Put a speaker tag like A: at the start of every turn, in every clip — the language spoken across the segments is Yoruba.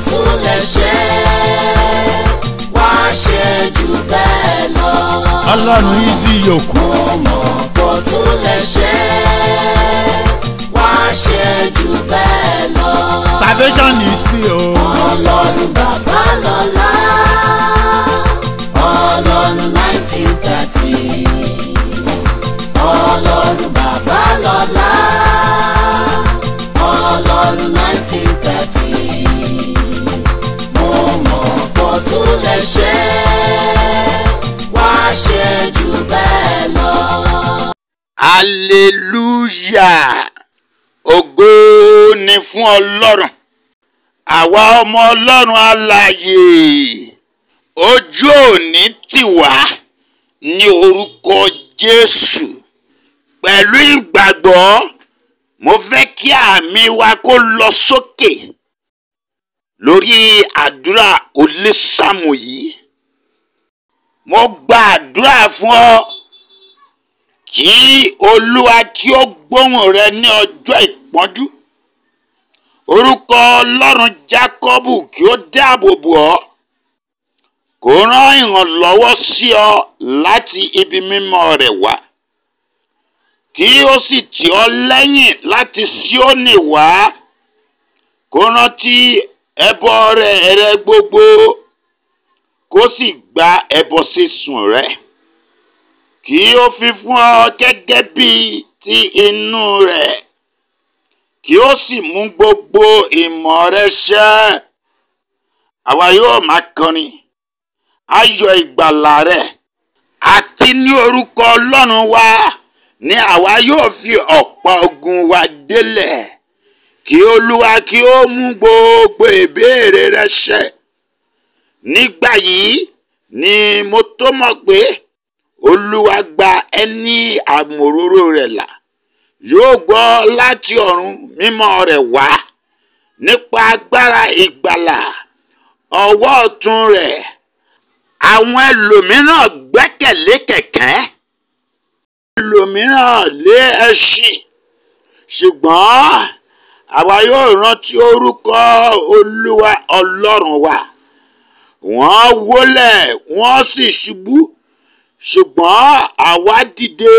A: tún lè ṣe yòókù. mo mọ̀ kó tún lè ṣe wá ṣe jù bẹ́ẹ̀ lọ. salvation is free o. Oh. ọlọ́run bàbá lọ́la. jù bẹ́ẹ̀ lọ. aleluya ògo ni fún ọlọ́run àwa ọmọ ọlọ́run alààyè ojú òní tì wá ní orúkọ jésù pẹ̀lú ìgbàgbọ́ mo fẹ́ kí àmì wa kó lọ sókè lórí àdúrà olésàmù yìí mo gbàdúrà fún ọ kí olúwa kí ó gbóhùn rẹ ní ọjọ́ ìpọ́njú orúkọ ọlọ́run jákọ́bù kí ó dáàbò bò ọ́ kó rán ìrànlọ́wọ́ sí ọ láti ibi mímọ́ rẹ̀ wá kí ó sì tì ọ́ lẹ́yìn láti Síónì wá kó rántí ẹbọ rẹ̀ rẹ gbogbo kó sì gba ẹbọ sísun rẹ kí ó fi fún ọ gẹ́gẹ́ bí ti inú rẹ kí ó sì mú gbogbo ìmọ̀ rẹ ṣẹ àwa yóò máa kọrin ayọ̀ ìgbàlà rẹ àti ní orúkọ Ọlọ́run wa ni àwa yóò fi ọ̀pá ogun wa délẹ̀ kí Olúwa kí ó mú gbogbo ìbéèrè rẹ ṣẹ nígbà yìí ni mo tó mọ̀ pé olúwa gba ẹni àmọ̀róró rẹ̀ là yóò gbọ́ láti ọ̀run mímọ́ rẹ̀ wá nípa agbára ìgbàlà ọwọ́ ọ̀tún rẹ̀ àwọn ẹlòmíràn gbẹ́kẹ̀lé kẹ̀kẹ́ ẹlòmíràn lé ẹṣin ṣùgbọ́n àwa yóò rántí orúkọ olúwa ọlọ́run wa wọ́n wólẹ̀ wọ́n sì ṣubú ṣùgbọ́n àwa dìde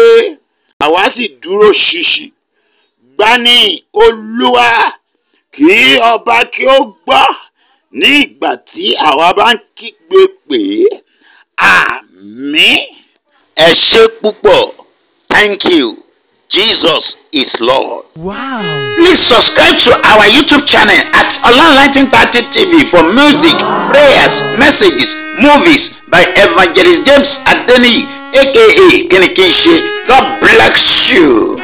A: àwa sì dúró ṣinṣin gbani olúwa kí ọba kí ó gbọ́ ní ìgbà tí àwa bá ń kígbe pé àmín ẹ ṣé púpọ̀ thank you jesus is Lord. Wow. Please subscribe to our YouTube channel at Olanilantin 30 TV for music, prayers, messages, movies by Evangelist James Adeni, aka Kinikinse. God bless you.